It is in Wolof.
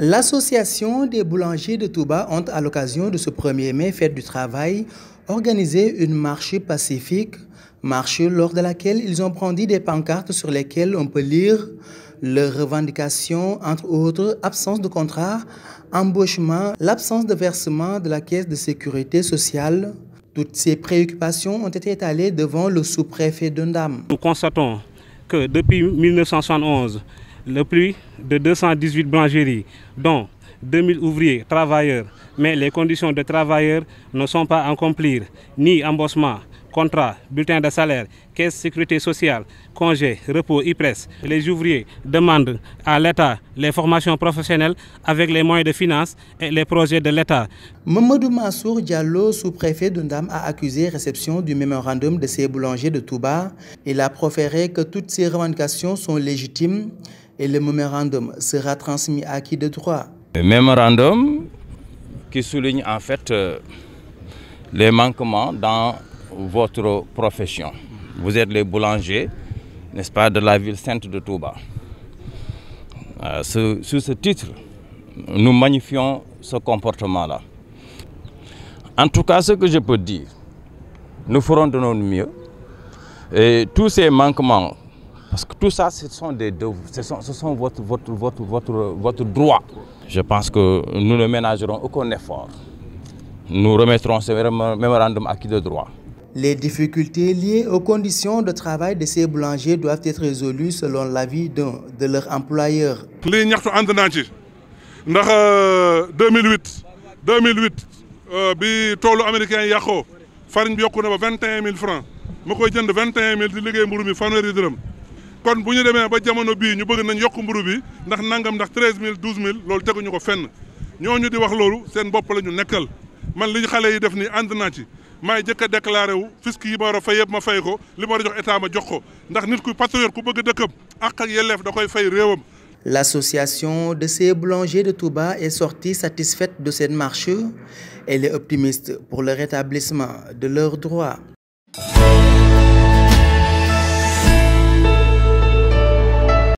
L'association des boulangers de Touba ont, à l'occasion de ce 1er mai, fête du travail, organisé une marche pacifique, marche lors de laquelle ils ont brandi des pancartes sur lesquelles on peut lire leurs revendications, entre autres absence de contrat, embauchement, l'absence de versement de la caisse de sécurité sociale. Toutes ces préoccupations ont été étalées devant le sous-préfet de Ndam. Nous constatons que depuis le plus de 218 boulangeries, dont 2000 ouvriers, travailleurs, mais les conditions de travailleurs ne sont pas à accomplir, ni embossement, contrat, bulletin de salaire, caisse sécurité sociale, congé, repos, IPRES. Les ouvriers demandent à l'État les formations professionnelles avec les moyens de finance et les projets de l'État. Mamadou Mansour Diallo, sous-préfet de Ndam, a accusé réception du mémorandum de ses boulangers de Touba. Il a proféré que toutes ces revendications sont légitimes et le mémorandum sera transmis à qui de droit Le mémorandum qui souligne en fait euh, les manquements dans votre profession. Vous êtes les boulangers, n'est-ce pas, de la ville sainte de Touba. Euh, ce, sur ce titre, nous magnifions ce comportement-là. En tout cas, ce que je peux dire, nous ferons de notre mieux. Et tous ces manquements Parce que tout ça, ce sont, des, ce sont, ce sont votre, votre, votre, votre, votre droit. Je pense que nous ne ménagerons aucun effort. Nous remettrons ce mémorandum acquis de droit. Les difficultés liées aux conditions de travail de ces boulangers doivent être résolues selon l'avis d'un de leur employeur. lii ñaxtu ànd naa ci ndax 2008 euh, 2008 euh, bi toolu américain yàqoo farine bi yokku na ba vingt mille francs ma koy jënd mille di liggéey mburu mi fanweeri kon bu ñu demee ba jamono bii ñu bëgg nañ yokk mburu bi ndax nangam ndax treize mille douze mille loolu teguñu ko fenn ñu di wax loolu seen bopp la ñu nekkal man li xale yi def nii ànd naa ci maay jëkk a déclaré wu fisc yi ma war a fay yëpp ma fay ko li ma war a état ma jox ko ndax nit ku patriote ku bëgg dëkkam ak ak yelleef da koy fay réewam. L'association de ces boulangers de Touba est sortie satisfaite de seen marche. Elle est optimiste pour le rétablissement de leur droits.